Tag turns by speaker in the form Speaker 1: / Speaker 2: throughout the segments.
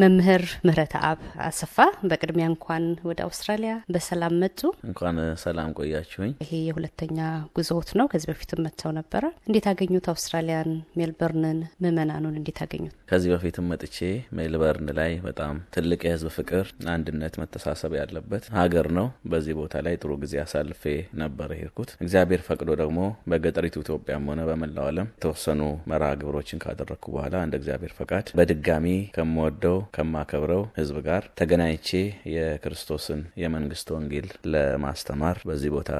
Speaker 1: መምህር ምህረተ አብ አሰፋ በቅድሚያ እንኳን ወደ አውስትራሊያ በሰላም መጡ። እንኳን
Speaker 2: ሰላም ቆያችሁኝ።
Speaker 1: ይሄ የሁለተኛ ጉዞት ነው። ከዚህ በፊትም መጥተው ነበረ። እንዴት አገኙት? አውስትራሊያን ሜልበርንን፣ ምእመናኑን እንዴት አገኙት?
Speaker 2: ከዚህ በፊትም መጥቼ ሜልበርን ላይ በጣም ትልቅ የህዝብ ፍቅር፣ አንድነት፣ መተሳሰብ ያለበት ሀገር ነው። በዚህ ቦታ ላይ ጥሩ ጊዜ አሳልፌ ነበር ሄድኩት። እግዚአብሔር ፈቅዶ ደግሞ በገጠሪቱ ኢትዮጵያም ሆነ በመላው ዓለም የተወሰኑ መርሃ ግብሮችን ካደረግኩ በኋላ እንደ እግዚአብሔር ፈቃድ በድጋሚ ከምወደው ከማከብረው ህዝብ ጋር ተገናኝቼ የክርስቶስን የመንግስት ወንጌል ለማስተማር በዚህ ቦታ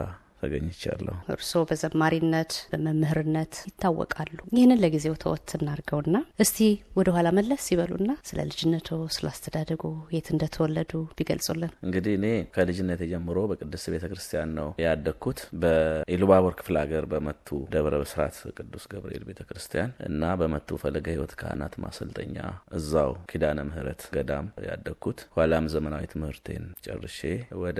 Speaker 2: ተገኝቻለሁ።
Speaker 1: እርስዎ በዘማሪነት በመምህርነት ይታወቃሉ። ይህንን ለጊዜው ተወት እናድርገውና እስቲ ወደ ኋላ መለስ ይበሉና ስለ ልጅነቶ፣ ስለ አስተዳደጎ፣ የት እንደተወለዱ ቢገልጹልን።
Speaker 2: እንግዲህ እኔ ከልጅነት ጀምሮ በቅድስት ቤተ ክርስቲያን ነው ያደግኩት። በኢሉባቦር ክፍለ ሀገር በመቱ ደብረ ብስራት ቅዱስ ገብርኤል ቤተ ክርስቲያን እና በመቱ ፈለገ ሕይወት ካህናት ማሰልጠኛ እዛው ኪዳነ ምሕረት ገዳም ያደግኩት። ኋላም ዘመናዊ ትምህርቴን ጨርሼ ወደ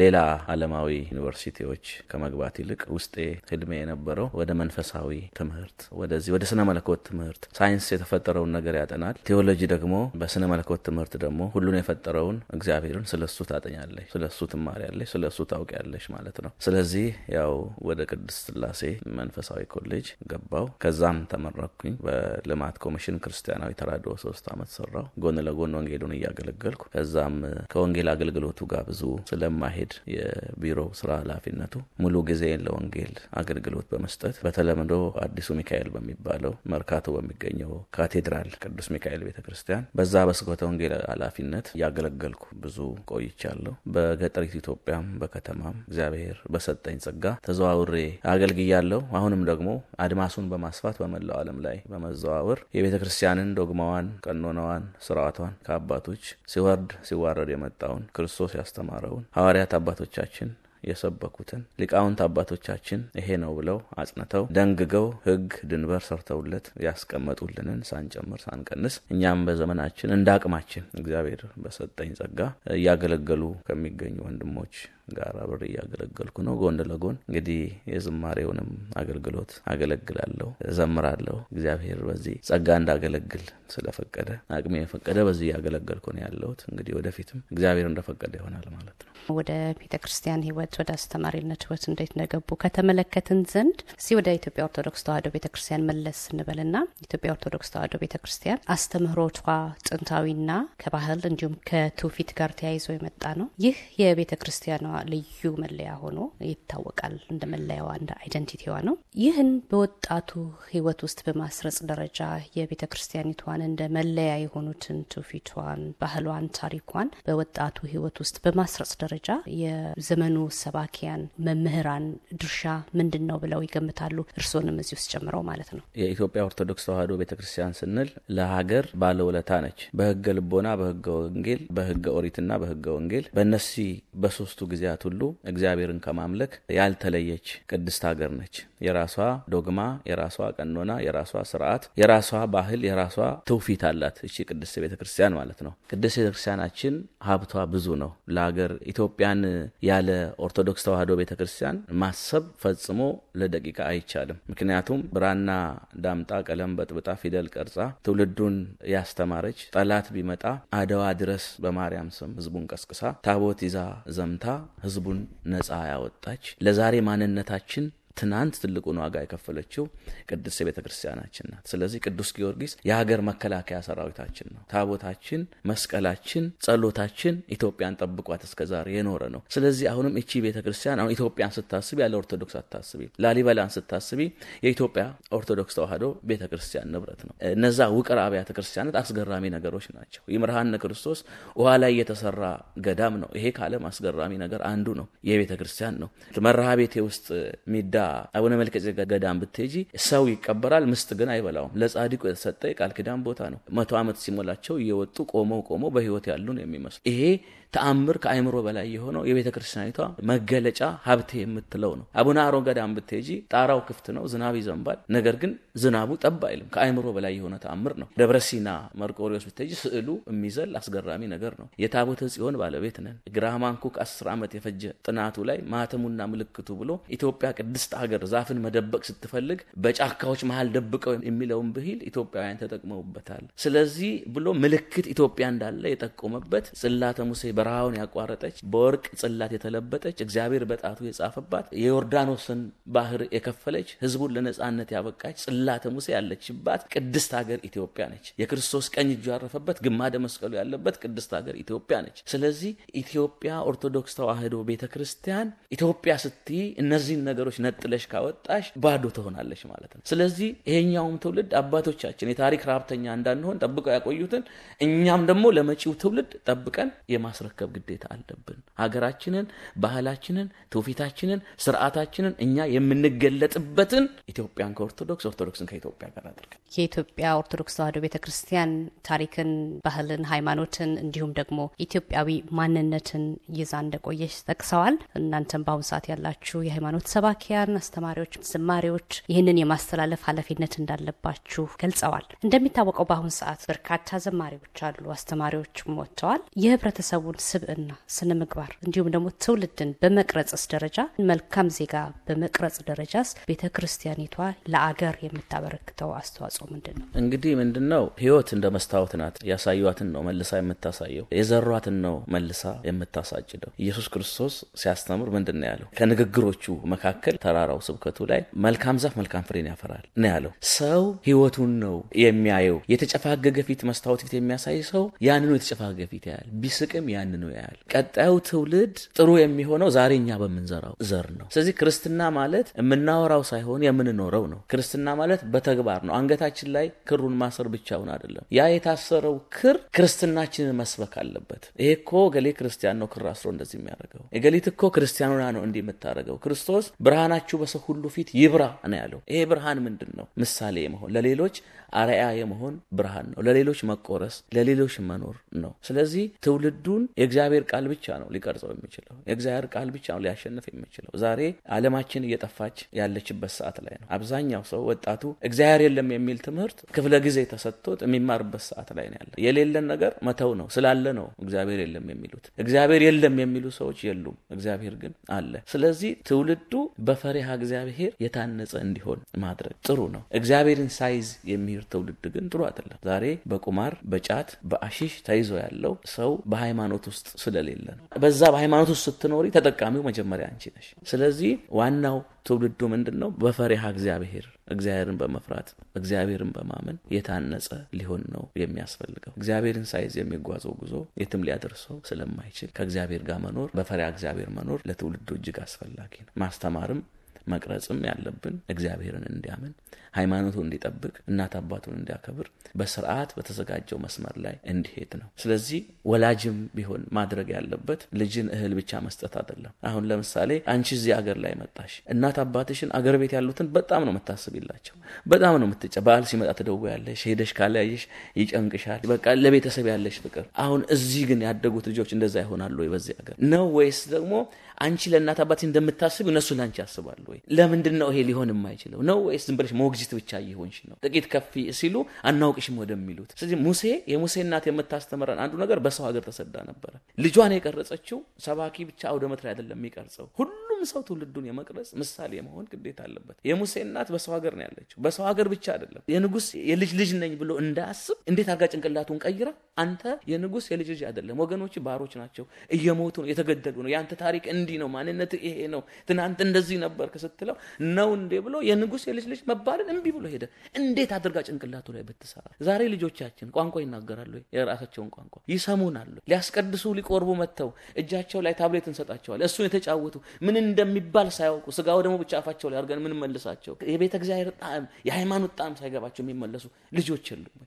Speaker 2: ሌላ አለማዊ ዩኒቨርሲቲዎች ከመግባት ይልቅ ውስጤ ህልሜ የነበረው ወደ መንፈሳዊ ትምህርት ወደዚህ ወደ ስነ መለኮት ትምህርት ሳይንስ የተፈጠረውን ነገር ያጠናል። ቴዎሎጂ ደግሞ በስነ መለኮት ትምህርት ደግሞ ሁሉን የፈጠረውን እግዚአብሔርን ስለ እሱ ታጠኛለሽ፣ ስለ እሱ ትማሪያለሽ፣ ስለ እሱ ታውቂያለሽ ማለት ነው። ስለዚህ ያው ወደ ቅድስት ስላሴ መንፈሳዊ ኮሌጅ ገባው። ከዛም ተመረኩኝ። በልማት ኮሚሽን ክርስቲያናዊ ተራዶ ሶስት ዓመት ሰራው ጎን ለጎን ወንጌሉን እያገለገልኩ ከዛም ከወንጌል አገልግሎቱ ጋር ብዙ ስለማሄድ የቢሮ ስራ ኃላፊነቱ ሙሉ ጊዜ ለወንጌል አገልግሎት በመስጠት በተለምዶ አዲሱ ሚካኤል በሚባለው መርካቶ በሚገኘው ካቴድራል ቅዱስ ሚካኤል ቤተ ክርስቲያን በዛ በስብከተ ወንጌል ኃላፊነት እያገለገልኩ ብዙ ቆይቻለሁ። በገጠሪት ኢትዮጵያም በከተማም እግዚአብሔር በሰጠኝ ጸጋ ተዘዋውሬ አገልግያለሁ። አሁንም ደግሞ አድማሱን በማስፋት በመላው ዓለም ላይ በመዘዋወር የቤተ ክርስቲያንን ዶግማዋን፣ ቀኖናዋን፣ ስርዓቷን ከአባቶች ሲወርድ ሲዋረድ የመጣውን ክርስቶስ ያስተማረውን ሐዋርያት አባቶቻችን የሰበኩትን ሊቃውንት አባቶቻችን ይሄ ነው ብለው አጽንተው ደንግገው ህግ ድንበር ሰርተውለት ያስቀመጡልንን ሳንጨምር ሳንቀንስ እኛም በዘመናችን እንደ አቅማችን እግዚአብሔር በሰጠኝ ጸጋ እያገለገሉ ከሚገኙ ወንድሞች ጋር አብሬ እያገለገልኩ ነው። ጎን ለጎን እንግዲህ የዝማሬውንም አገልግሎት አገለግላለሁ፣ እዘምራለሁ። እግዚአብሔር በዚህ ጸጋ እንዳገለግል ስለፈቀደ አቅሜ የፈቀደ በዚህ እያገለገልኩ ነው ያለሁት። እንግዲህ ወደፊትም እግዚአብሔር እንደፈቀደ ይሆናል ማለት
Speaker 1: ነው። ወደ ቤተ ክርስቲያን ህይወት፣ ወደ አስተማሪነት ህይወት እንዴት እንደገቡ ከተመለከትን ዘንድ እዚህ ወደ ኢትዮጵያ ኦርቶዶክስ ተዋህዶ ቤተ ክርስቲያን መለስ ስንበልና ኢትዮጵያ ኦርቶዶክስ ተዋህዶ ቤተ ክርስቲያን አስተምህሮቷ ጥንታዊና ከባህል እንዲሁም ከትውፊት ጋር ተያይዞ የመጣ ነው። ይህ የቤተ ክርስቲያኗ ልዩ መለያ ሆኖ ይታወቃል። እንደ መለያዋ እንደ አይደንቲቲዋ ነው። ይህን በወጣቱ ህይወት ውስጥ በማስረጽ ደረጃ የቤተ ክርስቲያኒቷን እንደ መለያ የሆኑትን ትውፊቷን፣ ባህሏን፣ ታሪኳን በወጣቱ ህይወት ውስጥ በማስረጽ ደረጃ የዘመኑ ሰባኪያን መምህራን ድርሻ ምንድን ነው ብለው ይገምታሉ? እርስዎንም እዚህ ውስጥ ጨምረው ማለት ነው።
Speaker 2: የኢትዮጵያ ኦርቶዶክስ ተዋሕዶ ቤተ ክርስቲያን ስንል ለሀገር ባለውለታ ነች። በህገ ልቦና፣ በህገ ወንጌል፣ በህገ ኦሪትና በህገ ወንጌል በእነዚህ በሶስቱ ጊዜ ጊዜያት ሁሉ እግዚአብሔርን ከማምለክ ያልተለየች ቅድስት ሀገር ነች። የራሷ ዶግማ፣ የራሷ ቀኖና፣ የራሷ ስርዓት፣ የራሷ ባህል፣ የራሷ ትውፊት አላት። እቺ ቅድስት ቤተ ክርስቲያን ማለት ነው። ቅድስት ቤተ ክርስቲያናችን ሀብቷ ብዙ ነው። ለሀገር ኢትዮጵያን ያለ ኦርቶዶክስ ተዋህዶ ቤተ ክርስቲያን ማሰብ ፈጽሞ ለደቂቃ አይቻልም። ምክንያቱም ብራና ዳምጣ፣ ቀለም በጥብጣ፣ ፊደል ቀርጻ ትውልዱን ያስተማረች ጠላት ቢመጣ አድዋ ድረስ በማርያም ስም ህዝቡን ቀስቅሳ ታቦት ይዛ ዘምታ ህዝቡን ነፃ ያወጣች ለዛሬ ማንነታችን ትናንት ትልቁን ዋጋ የከፈለችው ቅድስት ቤተ ክርስቲያናችን ናት። ስለዚህ ቅዱስ ጊዮርጊስ የሀገር መከላከያ ሰራዊታችን ነው። ታቦታችን፣ መስቀላችን፣ ጸሎታችን ኢትዮጵያን ጠብቋት እስከዛሬ የኖረ ነው። ስለዚህ አሁንም እቺ ቤተ ክርስቲያን አሁን ኢትዮጵያን ስታስብ ያለ ኦርቶዶክስ አታስቢ፣ ላሊበላን ስታስቢ የኢትዮጵያ ኦርቶዶክስ ተዋህዶ ቤተ ክርስቲያን ንብረት ነው። እነዛ ውቅር አብያተ ክርስቲያናት አስገራሚ ነገሮች ናቸው። ይምርሃነ ክርስቶስ ውሃ ላይ የተሰራ ገዳም ነው። ይሄ ከዓለም አስገራሚ ነገር አንዱ ነው። የቤተ ክርስቲያን ነው። መርሃ ቤቴ ውስጥ ሚዳ አቡነ መልከ ጼዴቅ ገዳም ብትሄጂ ሰው ይቀበራል፣ ምስጥ ግን አይበላውም። ለጻድቁ የተሰጠ የቃል ኪዳን ቦታ ነው። መቶ ዓመት ሲሞላቸው እየወጡ ቆመው ቆመው በህይወት ያሉ ነው የሚመስሉ ይሄ ተአምር ከአእምሮ በላይ የሆነው የቤተ ክርስቲያኒቷ መገለጫ ሀብቴ የምትለው ነው። አቡነ አሮን ገዳም ብትሄጂ ጣራው ክፍት ነው፣ ዝናብ ይዘንባል። ነገር ግን ዝናቡ ጠብ አይልም። ከአእምሮ በላይ የሆነ ተአምር ነው። ደብረ ሲና መርቆሪዎስ ብትሄጂ ስዕሉ የሚዘል አስገራሚ ነገር ነው። የታቦተ ጽዮን ባለቤት ነን። ግራሃም ሃንኮክ አስር ዓመት የፈጀ ጥናቱ ላይ ማተሙና ምልክቱ ብሎ ኢትዮጵያ ቅድስት ሀገር ዛፍን መደበቅ ስትፈልግ በጫካዎች መሀል ደብቀው የሚለውን ብሂል ኢትዮጵያውያን ተጠቅመውበታል። ስለዚህ ብሎ ምልክት ኢትዮጵያ እንዳለ የጠቆመበት ጽላተ ሙሴ በረሃውን ያቋረጠች በወርቅ ጽላት የተለበጠች እግዚአብሔር በጣቱ የጻፈባት የዮርዳኖስን ባህር የከፈለች ህዝቡን ለነጻነት ያበቃች ጽላተ ሙሴ ያለችባት ቅድስት ሀገር ኢትዮጵያ ነች። የክርስቶስ ቀኝ እጁ ያረፈበት ግማደ መስቀሉ ያለበት ቅድስት ሀገር ኢትዮጵያ ነች። ስለዚህ ኢትዮጵያ ኦርቶዶክስ ተዋህዶ ቤተ ክርስቲያን ኢትዮጵያ ስትይ እነዚህን ነገሮች ነጥ ጥለሽ ካወጣሽ ባዶ ትሆናለች ማለት ነው። ስለዚህ ይሄኛውም ትውልድ አባቶቻችን የታሪክ ረሀብተኛ እንዳንሆን ጠብቀው ያቆዩትን እኛም ደግሞ ለመጪው ትውልድ ጠብቀን የማስረከብ ግዴታ አለብን። ሀገራችንን፣ ባህላችንን፣ ትውፊታችንን፣ ስርዓታችንን እኛ የምንገለጥበትን ኢትዮጵያን ከኦርቶዶክስ ኦርቶዶክስን ከኢትዮጵያ ጋር
Speaker 1: አድርገን የኢትዮጵያ ኦርቶዶክስ ተዋሕዶ ቤተ ክርስቲያን ታሪክን፣ ባህልን፣ ሃይማኖትን እንዲሁም ደግሞ ኢትዮጵያዊ ማንነትን ይዛ እንደቆየች ጠቅሰዋል። እናንተም በአሁኑ ሰዓት ያላችሁ የሃይማኖት ሰባኪያን አስተማሪዎች፣ ዝማሪዎች ይህንን የማስተላለፍ ኃላፊነት እንዳለባችሁ ገልጸዋል። እንደሚታወቀው በአሁን ሰዓት በርካታ ዘማሪዎች አሉ፣ አስተማሪዎችም ወጥተዋል። የህብረተሰቡን ስብዕና፣ ስነ ምግባር እንዲሁም ደግሞ ትውልድን በመቅረጽስ ደረጃ መልካም ዜጋ በመቅረጽ ደረጃስ ቤተ ክርስቲያኒቷ ለአገር የምታበረክተው አስተዋጽኦ ምንድን ነው?
Speaker 2: እንግዲህ ምንድን ነው ህይወት እንደ መስታወት ናት። ያሳዩትን ነው መልሳ የምታሳየው፣ የዘሯትን ነው መልሳ የምታሳጭደው። ኢየሱስ ክርስቶስ ሲያስተምር ምንድን ነው ያለው? ከንግግሮቹ መካከል ተራ በተራራው ስብከቱ ላይ መልካም ዛፍ መልካም ፍሬን ያፈራል ነው ያለው። ሰው ህይወቱን ነው የሚያየው። የተጨፋገገ ፊት መስታወት ፊት የሚያሳይ ሰው ያንኑ የተጨፋገገ ፊት ያያል። ቢስቅም ያንኑ ያያል። ቀጣዩ ትውልድ ጥሩ የሚሆነው ዛሬ እኛ በምንዘራው ዘር ነው። ስለዚህ ክርስትና ማለት የምናወራው ሳይሆን የምንኖረው ነው። ክርስትና ማለት በተግባር ነው። አንገታችን ላይ ክሩን ማሰር ብቻውን አይደለም። ያ የታሰረው ክር ክርስትናችንን መስበክ አለበት። ይሄ እኮ ገሌ ክርስቲያን ነው ክር አስሮ እንደዚህ የሚያደርገው፣ የገሊት እኮ ክርስቲያኑና ነው እንዲህ የምታደርገው። ክርስቶስ ብርሃናችሁ ብርሃናችሁ በሰው ሁሉ ፊት ይብራ ነው ያለው። ይሄ ብርሃን ምንድን ነው? ምሳሌ የመሆን ለሌሎች አርአያ የመሆን ብርሃን ነው። ለሌሎች መቆረስ፣ ለሌሎች መኖር ነው። ስለዚህ ትውልዱን የእግዚአብሔር ቃል ብቻ ነው ሊቀርጸው የሚችለው። የእግዚአብሔር ቃል ብቻ ነው ሊያሸንፍ የሚችለው። ዛሬ ዓለማችን እየጠፋች ያለችበት ሰዓት ላይ ነው። አብዛኛው ሰው ወጣቱ እግዚአብሔር የለም የሚል ትምህርት ክፍለ ጊዜ ተሰጥቶት የሚማርበት ሰዓት ላይ ነው ያለ። የሌለን ነገር መተው ነው። ስላለ ነው እግዚአብሔር የለም የሚሉት። እግዚአብሔር የለም የሚሉ ሰዎች የሉም። እግዚአብሔር ግን አለ። ስለዚህ ትውልዱ በፈ መርሃ እግዚአብሔር የታነጸ እንዲሆን ማድረግ ጥሩ ነው። እግዚአብሔርን ሳይዝ የሚሄድ ትውልድ ግን ጥሩ አይደለም። ዛሬ በቁማር በጫት በአሺሽ ተይዞ ያለው ሰው በሃይማኖት ውስጥ ስለሌለ ነው። በዛ በሃይማኖት ውስጥ ስትኖሪ ተጠቃሚው መጀመሪያ አንቺ ነሽ። ስለዚህ ዋናው ትውልዱ ምንድን ነው? በፈሪሃ እግዚአብሔር እግዚአብሔርን በመፍራት እግዚአብሔርን በማመን የታነጸ ሊሆን ነው የሚያስፈልገው። እግዚአብሔርን ሳይዝ የሚጓዘው ጉዞ የትም ሊያደርሰው ስለማይችል ከእግዚአብሔር ጋር መኖር፣ በፈሪሃ እግዚአብሔር መኖር ለትውልዱ እጅግ አስፈላጊ ነው። ማስተማርም መቅረጽም ያለብን እግዚአብሔርን እንዲያምን ሃይማኖቱን እንዲጠብቅ፣ እናት አባቱን እንዲያከብር፣ በስርዓት በተዘጋጀው መስመር ላይ እንዲሄድ ነው። ስለዚህ ወላጅም ቢሆን ማድረግ ያለበት ልጅን እህል ብቻ መስጠት አይደለም። አሁን ለምሳሌ አንቺ እዚህ አገር ላይ መጣሽ፣ እናት አባትሽን አገር ቤት ያሉትን በጣም ነው የምታስብላቸው፣ በጣም ነው የምትጨ በዓል ሲመጣ ያለሽ ሄደሽ ካለያየሽ ይጨንቅሻል። በቃ ለቤተሰብ ያለሽ ፍቅር። አሁን እዚህ ግን ያደጉት ልጆች እንደዛ ይሆናሉ ወይ በዚህ አገር ነው ወይስ ደግሞ አንቺ ለእናት አባት እንደምታስብ እነሱ ለአንቺ ያስባሉ ወይ? ለምንድን ነው ይሄ ሊሆን የማይችለው ነው ወይስ ዝንበለሽ ብለሽ አጅት ብቻ እየሆንሽ ነው፣ ጥቂት ከፍ ሲሉ አናውቅሽም ወደሚሉት። ስለዚህ ሙሴ የሙሴ እናት የምታስተምረን አንዱ ነገር በሰው ሀገር ተሰዳ ነበረ። ልጇን የቀረጸችው ሰባኪ ብቻ አውደ ላይ አይደለም የሚቀርጸው ሁሉ ለማንም ሰው ትውልዱን የመቅረጽ ምሳሌ የመሆን ግዴታ አለበት። የሙሴ እናት በሰው ሀገር ነው ያለችው። በሰው ሀገር ብቻ አይደለም የንጉስ የልጅ ልጅ ነኝ ብሎ እንዳያስብ እንዴት አድርጋ ጭንቅላቱን ቀይራ፣ አንተ የንጉስ የልጅ ልጅ አይደለም፣ ወገኖች ባሮች ናቸው፣ እየሞቱ ነው፣ የተገደሉ ነው፣ የአንተ ታሪክ እንዲህ ነው፣ ማንነት ይሄ ነው፣ ትናንት እንደዚህ ነበር ስትለው ነው እንዴ ብሎ የንጉስ የልጅ ልጅ መባልን እምቢ ብሎ ሄደ። እንዴት አድርጋ ጭንቅላቱ ላይ ብትሰራ። ዛሬ ልጆቻችን ቋንቋ ይናገራሉ፣ የራሳቸውን ቋንቋ ይሰሙናሉ። ሊያስቀድሱ ሊቆርቡ መጥተው እጃቸው ላይ ታብሌት እንሰጣቸዋል። እሱን የተጫወቱ ምን እንደሚባል ሳያውቁ ስጋው ደግሞ ብቻ አፋቸው ላይ አድርገን የምንመልሳቸው የቤተ እግዚአብሔር ጣዕም የሃይማኖት ጣዕም ሳይገባቸው የሚመለሱ ልጆች የሉም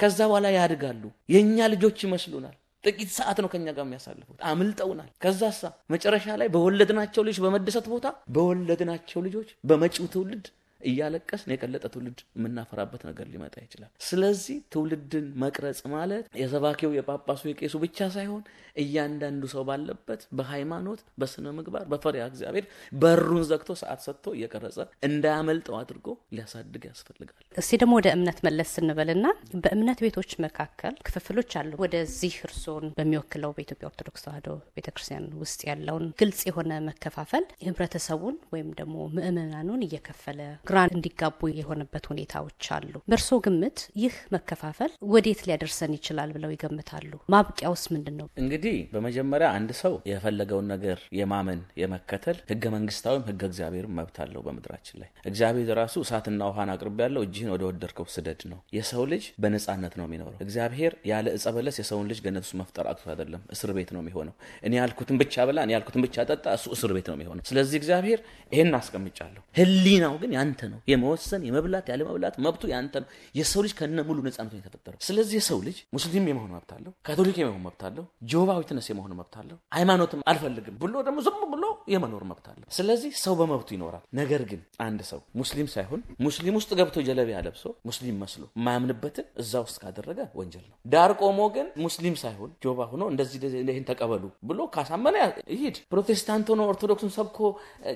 Speaker 2: ከዛ በኋላ ያድጋሉ። የእኛ ልጆች ይመስሉናል። ጥቂት ሰዓት ነው ከኛ ጋር የሚያሳልፉት። አምልጠውናል። ከዛሳ መጨረሻ ላይ በወለድናቸው ልጆች በመደሰት ቦታ በወለድናቸው ልጆች በመጪው ትውልድ እያለቀስን የቀለጠ ትውልድ የምናፈራበት ነገር ሊመጣ ይችላል። ስለዚህ ትውልድን መቅረጽ ማለት የሰባኪው የጳጳሱ የቄሱ ብቻ ሳይሆን እያንዳንዱ ሰው ባለበት በሃይማኖት፣ በስነ ምግባር፣ በፈሪሃ እግዚአብሔር በሩን ዘግቶ ሰዓት ሰጥቶ እየቀረጸ እንዳያመልጠው አድርጎ ሊያሳድግ ያስፈልጋል።
Speaker 1: እስቲ ደግሞ ወደ እምነት መለስ ስንበልና በእምነት ቤቶች መካከል ክፍፍሎች አሉ። ወደዚህ እርስዎን በሚወክለው በኢትዮጵያ ኦርቶዶክስ ተዋህዶ ቤተክርስቲያን ውስጥ ያለውን ግልጽ የሆነ መከፋፈል ህብረተሰቡን ወይም ደግሞ ምእመናኑን እየከፈለ ግራ እንዲጋቡ የሆነበት ሁኔታዎች አሉ። በእርሶ ግምት ይህ መከፋፈል ወዴት ሊያደርሰን ይችላል ብለው ይገምታሉ? ማብቂያውስ ምንድን ነው?
Speaker 2: እንግዲህ በመጀመሪያ አንድ ሰው የፈለገውን ነገር የማመን የመከተል ህገ መንግስታዊም ህገ እግዚአብሔርም መብት አለው። በምድራችን ላይ እግዚአብሔር ራሱ እሳትና ውሃን አቅርብ ያለው እጅህን ወደ ወደድከው ስደድ ነው። የሰው ልጅ በነጻነት ነው የሚኖረው። እግዚአብሔር ያለ እጸ በለስ የሰውን ልጅ ገነት ውስጥ መፍጠር አቅቶት አይደለም፣ እስር ቤት ነው የሚሆነው። እኔ ያልኩትን ብቻ ብላ፣ እኔ ያልኩትን ብቻ ጠጣ፣ እሱ እስር ቤት ነው የሚሆነው። ስለዚህ እግዚአብሔር ይሄን አስቀምጫለሁ። ህሊናው ግን ያንተ ነው። የመወሰን የመብላት ያለመብላት መብቱ ያንተ ነው። የሰው ልጅ ከነ ሙሉ ነጻነቱ የተፈጠረው። ስለዚህ የሰው ልጅ ሙስሊም የመሆን መብት አለው፣ ካቶሊክ የመሆን መብት አለው፣ ጆባዊትነስ የመሆን መብት አለው። ሃይማኖትም አልፈልግም ብሎ ደግሞ ዝም ብሎ የመኖር መብት አለ። ስለዚህ ሰው በመብቱ ይኖራል። ነገር ግን አንድ ሰው ሙስሊም ሳይሆን ሙስሊም ውስጥ ገብቶ ጀለቢያ ለብሶ ሙስሊም መስሎ የማያምንበትን እዛ ውስጥ ካደረገ ወንጀል ነው። ዳር ቆሞ ግን ሙስሊም ሳይሆን ጆባ ሆኖ እንደዚህ ይህን ተቀበሉ ብሎ ካሳመነ ይሂድ። ፕሮቴስታንት ሆኖ ኦርቶዶክሱን ሰብኮ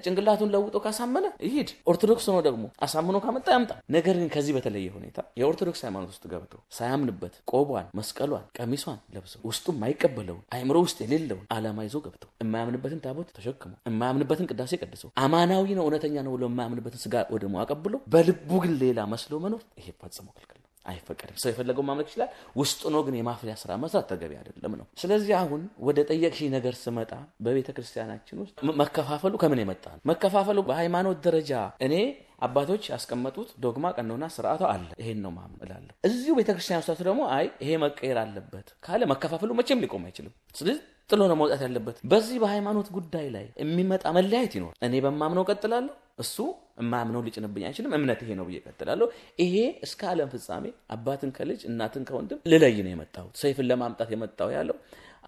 Speaker 2: ጭንቅላቱን ለውጦ ካሳመነ ይሂድ። ኦርቶዶክስ ሆኖ ደግሞ አሳምኖ ካመጣ ያምጣ። ነገር ግን ከዚህ በተለየ ሁኔታ የኦርቶዶክስ ሃይማኖት ውስጥ ገብቶ ሳያምንበት ቆቧን፣ መስቀሏን፣ ቀሚሷን ለብሰው ውስጡም የማይቀበለውን አይምሮ ውስጥ የሌለውን ዓላማ ይዞ ገብቶ የማያምንበትን ታቦት ተሸክሞ የማያምንበትን ቅዳሴ ቀድሰው አማናዊ ነው እውነተኛ ነው ብሎ የማያምንበትን ስጋ ወደ አቀብሎ በልቡ ግን ሌላ መስሎ መኖር ይሄ ፈጽሞ ክልክል ነው፣ አይፈቀድም። ሰው የፈለገው ማምለክ ይችላል። ውስጡ ነው ግን የማፍያ ስራ መስራት ተገቢ አይደለም ነው። ስለዚህ አሁን ወደ ጠየቅሽኝ ነገር ስመጣ በቤተ ክርስቲያናችን ውስጥ መከፋፈሉ ከምን የመጣ ነው? መከፋፈሉ በሃይማኖት ደረጃ እኔ አባቶች ያስቀመጡት ዶግማ፣ ቀኖና፣ ስርዓቱ አለ። ይሄን ነው ማም እላለሁ። እዚሁ ቤተክርስቲያን ውስጥ ደግሞ አይ ይሄ መቀየር አለበት ካለ መከፋፈሉ መቼም ሊቆም አይችልም። ስለዚህ ጥሎ ነው መውጣት ያለበት። በዚህ በሃይማኖት ጉዳይ ላይ የሚመጣ መለያየት ይኖር። እኔ በማምነው ቀጥላለሁ፣ እሱ እማምነው ሊጭንብኝ አይችልም። እምነት ይሄ ነው ብዬ ቀጥላለሁ። ይሄ እስከ ዓለም ፍጻሜ አባትን ከልጅ እናትን ከወንድም ልለይ ነው የመጣሁት። ሰይፍን ለማምጣት የመጣው ያለው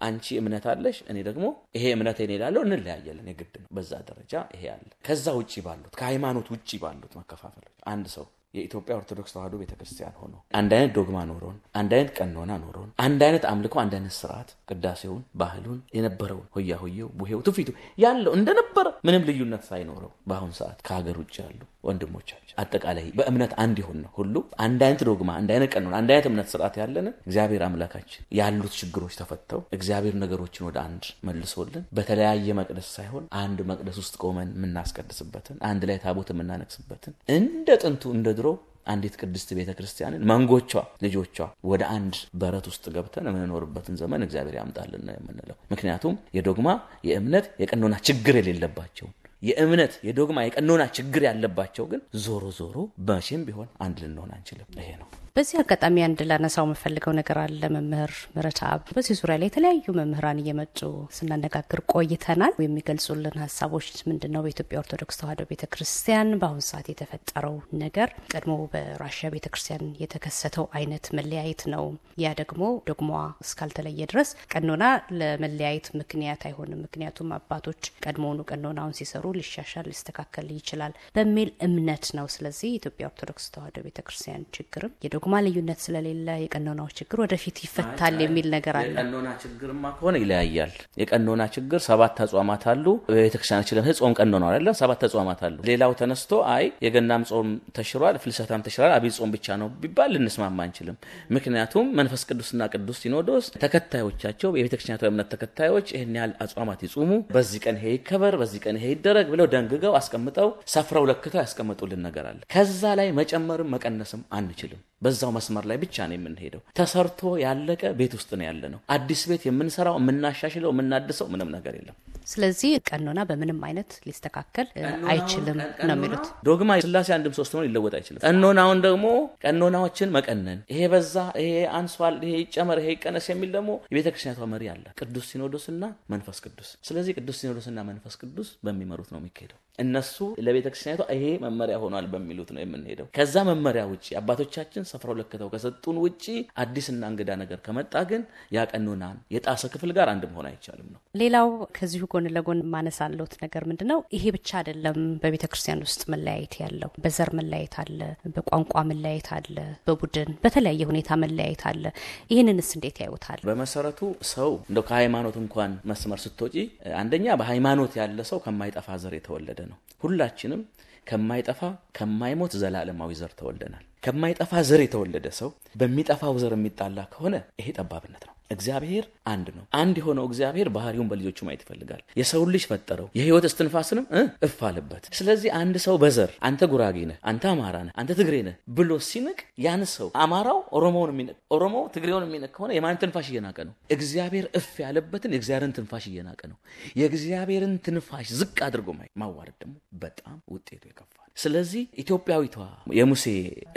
Speaker 2: አንቺ እምነት አለሽ፣ እኔ ደግሞ ይሄ እምነት ኔ ላለው እንለያያለን፣ የግድ ነው። በዛ ደረጃ ይሄ አለ። ከዛ ውጭ ባሉት ከሃይማኖት ውጭ ባሉት መከፋፈሎች አንድ ሰው የኢትዮጵያ ኦርቶዶክስ ተዋህዶ ቤተክርስቲያን ሆኖ አንድ አይነት ዶግማ ኖሮን አንድ አይነት ቀኖና ኖሮን አንድ አይነት አምልኮ አንድ አይነት ስርዓት ቅዳሴውን፣ ባህሉን፣ የነበረውን ሆያ ሆየው ቡሄው፣ ትውፊቱ ያለው እንደነበረ ምንም ልዩነት ሳይኖረው በአሁኑ ሰዓት ከሀገር ውጭ ያሉ ወንድሞቻችን አጠቃላይ በእምነት አንድ ይሆን ነው ሁሉ አንድ አይነት ዶግማ፣ አንድ አይነት ቀኖና፣ አንድ አይነት እምነት ስርዓት ያለን እግዚአብሔር አምላካችን ያሉት ችግሮች ተፈተው እግዚአብሔር ነገሮችን ወደ አንድ መልሶልን በተለያየ መቅደስ ሳይሆን አንድ መቅደስ ውስጥ ቆመን የምናስቀድስበትን አንድ ላይ ታቦት የምናነግስበትን እንደ ጥንቱ እንደ ድሮ አንዲት ቅድስት ቤተ ክርስቲያንን መንጎቿ ልጆቿ ወደ አንድ በረት ውስጥ ገብተን የምንኖርበትን ዘመን እግዚአብሔር ያምጣልን ነው የምንለው። ምክንያቱም የዶግማ የእምነት የቀኖና ችግር የሌለባቸው የእምነት የዶግማ የቀኖና ችግር ያለባቸው ግን ዞሮ ዞሮ መቼም ቢሆን አንድ ልንሆን አንችልም። ይሄ ነው።
Speaker 1: በዚህ አጋጣሚ አንድ ላነሳው የምፈልገው ነገር አለ። መምህር ምረትአብ በዚህ ዙሪያ ላይ የተለያዩ መምህራን እየመጡ ስናነጋግር ቆይተናል። የሚገልጹልን ሀሳቦች ምንድን ነው? በኢትዮጵያ ኦርቶዶክስ ተዋሕዶ ቤተ ክርስቲያን በአሁኑ ሰዓት የተፈጠረው ነገር ቀድሞ በራሽያ ቤተ ክርስቲያን የተከሰተው አይነት መለያየት ነው። ያ ደግሞ ደግሞ እስካልተለየ ድረስ ቀኖና ለመለያየት ምክንያት አይሆንም። ምክንያቱም አባቶች ቀድሞውኑ ቀኖናውን ሲሰሩ ሊሻሻል ሊስተካከል ይችላል በሚል እምነት ነው። ስለዚህ የኢትዮጵያ ኦርቶዶክስ ተዋሕዶ ቤተ ክርስቲያን ችግርም ደግሞ ልዩነት ስለሌለ የቀኖናው ችግር ወደፊት ይፈታል የሚል ነገር አለ።
Speaker 2: የቀኖና ችግርማ ከሆነ ይለያያል። የቀኖና ችግር ሰባት ተጽዋማት አሉ። በቤተክርስቲያናችን ለምሳሌ ጾም ቀኖና አለ፣ ሰባት ተጽዋማት አሉ። ሌላው ተነስቶ አይ የገናም ጾም ተሽሯል፣ ፍልሰታም ተሽሯል፣ አብይ ጾም ብቻ ነው ቢባል ልንስማማ አንችልም። ምክንያቱም መንፈስ ቅዱስና ቅዱስ ሲኖዶስ ተከታዮቻቸው የቤተክርስቲያናቱ እምነት ተከታዮች ይህን ያህል አጽዋማት ይጹሙ፣ በዚህ ቀን ይሄ ይከበር፣ በዚህ ቀን ይሄ ይደረግ ብለው ደንግገው አስቀምጠው ሰፍረው ለክተው ያስቀምጡልን ነገር አለ። ከዛ ላይ መጨመርም መቀነስም አንችልም። በዛው መስመር ላይ ብቻ ነው የምንሄደው። ተሰርቶ ያለቀ ቤት ውስጥ ነው ያለ ነው። አዲስ ቤት የምንሰራው የምናሻሽለው፣ የምናድሰው ምንም ነገር የለም።
Speaker 1: ስለዚህ ቀኖና በምንም አይነት ሊስተካከል አይችልም ነው የሚሉት።
Speaker 2: ዶግማ ስላሴ አንድም ሶስት ሆኖ ሊለወጥ አይችልም። ቀኖናውን ደግሞ ቀኖናዎችን መቀነን ይሄ በዛ፣ ይሄ አንሷል፣ ይሄ ይጨመር፣ ይሄ ይቀነስ የሚል ደግሞ የቤተ ክርስቲያኗ መሪ አለ፣ ቅዱስ ሲኖዶስና መንፈስ ቅዱስ። ስለዚህ ቅዱስ ሲኖዶስና መንፈስ ቅዱስ በሚመሩት ነው የሚካሄደው። እነሱ ለቤተ ክርስቲያኒቷ ይሄ መመሪያ ሆኗል በሚሉት ነው የምንሄደው። ከዛ መመሪያ ውጭ አባቶቻችን ሰፍረው ለክተው ከሰጡን ውጭ አዲስና እንግዳ ነገር ከመጣ ግን ያቀኑናን የጣሰ ክፍል ጋር አንድ መሆን አይቻልም ነው።
Speaker 1: ሌላው ከዚሁ ጎን ለጎን ማነሳለሁት ነገር ምንድን ነው፣ ይሄ ብቻ አይደለም። በቤተ ክርስቲያን ውስጥ መለያየት ያለው በዘር መለያየት አለ፣ በቋንቋ መለያየት አለ፣ በቡድን በተለያየ ሁኔታ መለያየት አለ። ይህንንስ እንዴት ያዩታል?
Speaker 2: በመሰረቱ ሰው እንደው ከሃይማኖት እንኳን መስመር ስትወጪ አንደኛ በሃይማኖት ያለ ሰው ከማይጠፋ ዘር የተወለደ ነው። ሁላችንም ከማይጠፋ ከማይሞት ዘላለማዊ ዘር ተወልደናል። ከማይጠፋ ዘር የተወለደ ሰው በሚጠፋው ዘር የሚጣላ ከሆነ ይሄ ጠባብነት ነው። እግዚአብሔር አንድ ነው። አንድ የሆነው እግዚአብሔር ባህሪውን በልጆቹ ማየት ይፈልጋል። የሰውን ልጅ ፈጠረው፣ የህይወት እስትንፋስንም እፍ አለበት። ስለዚህ አንድ ሰው በዘር አንተ ጉራጌ ነህ፣ አንተ አማራ ነህ፣ አንተ ትግሬ ነህ ብሎ ሲንቅ ያን ሰው አማራው ኦሮሞውን የሚንቅ ኦሮሞ ትግሬውን የሚንቅ ከሆነ የማን ትንፋሽ እየናቀ ነው? እግዚአብሔር እፍ ያለበትን የእግዚአብሔርን ትንፋሽ እየናቀ ነው። የእግዚአብሔርን ትንፋሽ ዝቅ አድርጎ ማዋረድ ደግሞ በጣም ውጤቱ የከፋል። ስለዚህ ኢትዮጵያዊቷ የሙሴ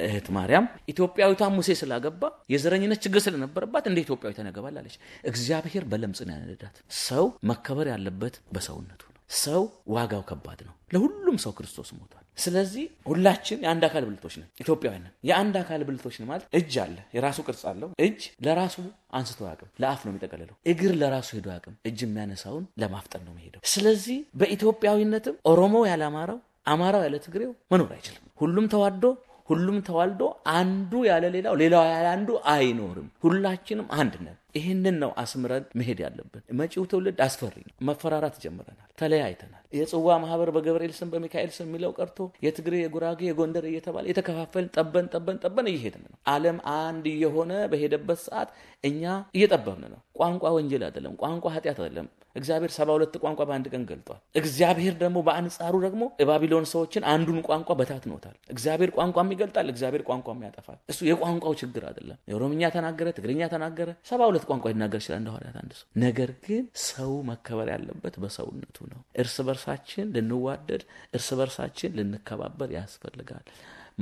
Speaker 2: እህት ማርያም ኢትዮጵያዊቷ ሙሴ ስላገባ የዘረኝነት ችግር ስለነበረባት እንደ ኢትዮጵያዊቷ ያገባል አለች። እግዚአብሔር በለምጽ ነው ያነዳት። ሰው መከበር ያለበት በሰውነቱ ነው። ሰው ዋጋው ከባድ ነው። ለሁሉም ሰው ክርስቶስ ሞቷል። ስለዚህ ሁላችን የአንድ አካል ብልቶች ነን። ኢትዮጵያውያን የአንድ አካል ብልቶች ነን ማለት እጅ አለ፣ የራሱ ቅርጽ አለው። እጅ ለራሱ አንስቶ አያውቅም፣ ለአፍ ነው የሚጠቀልለው። እግር ለራሱ ሄዶ አያውቅም፣ እጅ የሚያነሳውን ለማፍጠን ነው የሚሄደው። ስለዚህ በኢትዮጵያዊነትም ኦሮሞ ያላማረው አማራው ያለ ትግሬው መኖር አይችልም። ሁሉም ተዋዶ ሁሉም ተዋልዶ አንዱ ያለ ሌላው ሌላው ያለ አንዱ አይኖርም። ሁላችንም አንድ ነን። ይህንን ነው አስምረን መሄድ ያለብን። መጪው ትውልድ አስፈሪ ነው። መፈራራት ጀምረናል። ተለያይተናል። የጽዋ ማህበር በገብርኤል ስም በሚካኤል ስም የሚለው ቀርቶ የትግሬ፣ የጉራጌ፣ የጎንደር እየተባለ የተከፋፈልን ጠበን ጠበን ጠበን እየሄድን ነው። ዓለም አንድ እየሆነ በሄደበት ሰዓት እኛ እየጠበብን ነው። ቋንቋ ወንጀል አይደለም። ቋንቋ ኃጢአት አይደለም። እግዚአብሔር ሰባ ሁለት ቋንቋ በአንድ ቀን ገልጧል። እግዚአብሔር ደግሞ በአንጻሩ ደግሞ የባቢሎን ሰዎችን አንዱን ቋንቋ በታትኖታል። እግዚአብሔር ቋንቋም ይገልጣል፣ እግዚአብሔር ቋንቋም ያጠፋል። እሱ የቋንቋው ችግር አይደለም። የኦሮምኛ ተናገረ፣ ትግርኛ ተናገረ ሰባ ሁለት ቋንቋ ሊናገር ይችላል እንደ ሐዋርያት አንድ ሰው። ነገር ግን ሰው መከበር ያለበት በሰውነቱ ነው። እርስ በርሳችን ልንዋደድ፣ እርስ በርሳችን ልንከባበር ያስፈልጋል።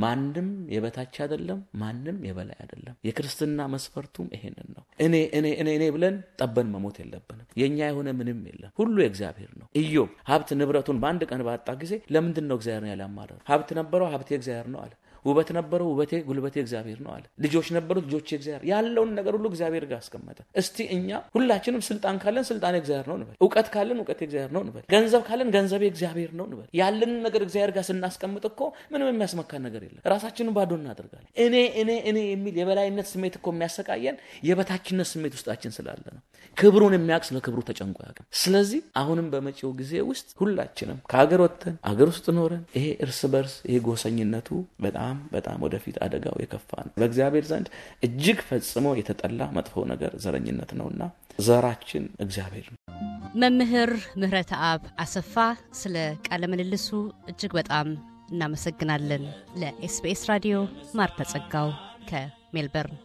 Speaker 2: ማንም የበታች አይደለም፣ ማንም የበላይ አይደለም። የክርስትና መስፈርቱም ይሄንን ነው። እኔ እኔ እኔ እኔ ብለን ጠበን መሞት የለብንም። የእኛ የሆነ ምንም የለም፣ ሁሉ የእግዚአብሔር ነው። ኢዮብ ሀብት ንብረቱን በአንድ ቀን ባጣ ጊዜ ለምንድን ነው እግዚአብሔር ያላማረሩ? ሀብት ነበረው፣ ሀብት የእግዚአብሔር ነው አለ። ውበት ነበረው ውበቴ ጉልበቴ እግዚአብሔር ነው አለ። ልጆች ነበሩ ልጆች እግዚአብሔር ያለውን ነገር ሁሉ እግዚአብሔር ጋር አስቀመጠ። እስቲ እኛ ሁላችንም ስልጣን ካለን ስልጣን እግዚአብሔር ነው እንበል። እውቀት ካለን እውቀት እግዚአብሔር ነው እንበል። ገንዘብ ካለን ገንዘቤ እግዚአብሔር ነው እንበል። ያለንን ነገር እግዚአብሔር ጋር ስናስቀምጥ እኮ ምንም የሚያስመካ ነገር የለም። ራሳችንን ባዶ እናደርጋለን። እኔ እኔ እኔ የሚል የበላይነት ስሜት እኮ የሚያሰቃየን የበታችነት ስሜት ውስጣችን ስላለ ነው። ክብሩን የሚያውቅ ስለ ክብሩ ተጨንቆ ያውቅም። ስለዚህ አሁንም በመጪው ጊዜ ውስጥ ሁላችንም ከሀገር ወጥተን አገር ውስጥ ኖረን ይሄ እርስ በርስ ይሄ ጎሰኝነቱ በጣም በጣም በጣም ወደፊት አደጋው የከፋ ነው። በእግዚአብሔር ዘንድ እጅግ ፈጽሞ የተጠላ መጥፎ ነገር ዘረኝነት ነውና ዘራችን እግዚአብሔር ነው።
Speaker 1: መምህር ምህረት አብ አሰፋ ስለ ቃለ ምልልሱ እጅግ በጣም እናመሰግናለን። ለኤስቢኤስ ራዲዮ ማርተ ጸጋው ከሜልበርን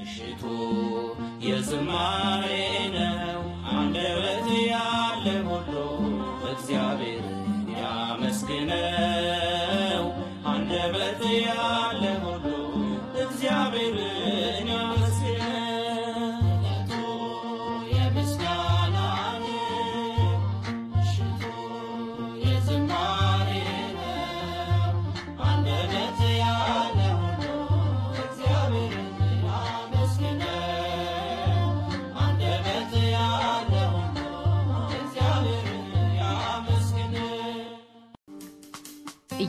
Speaker 2: ምሽቱ የዝማሬ ነው። አንደበት ያለ ሁሉ እግዚአብሔር ያመስግነው። Yeah.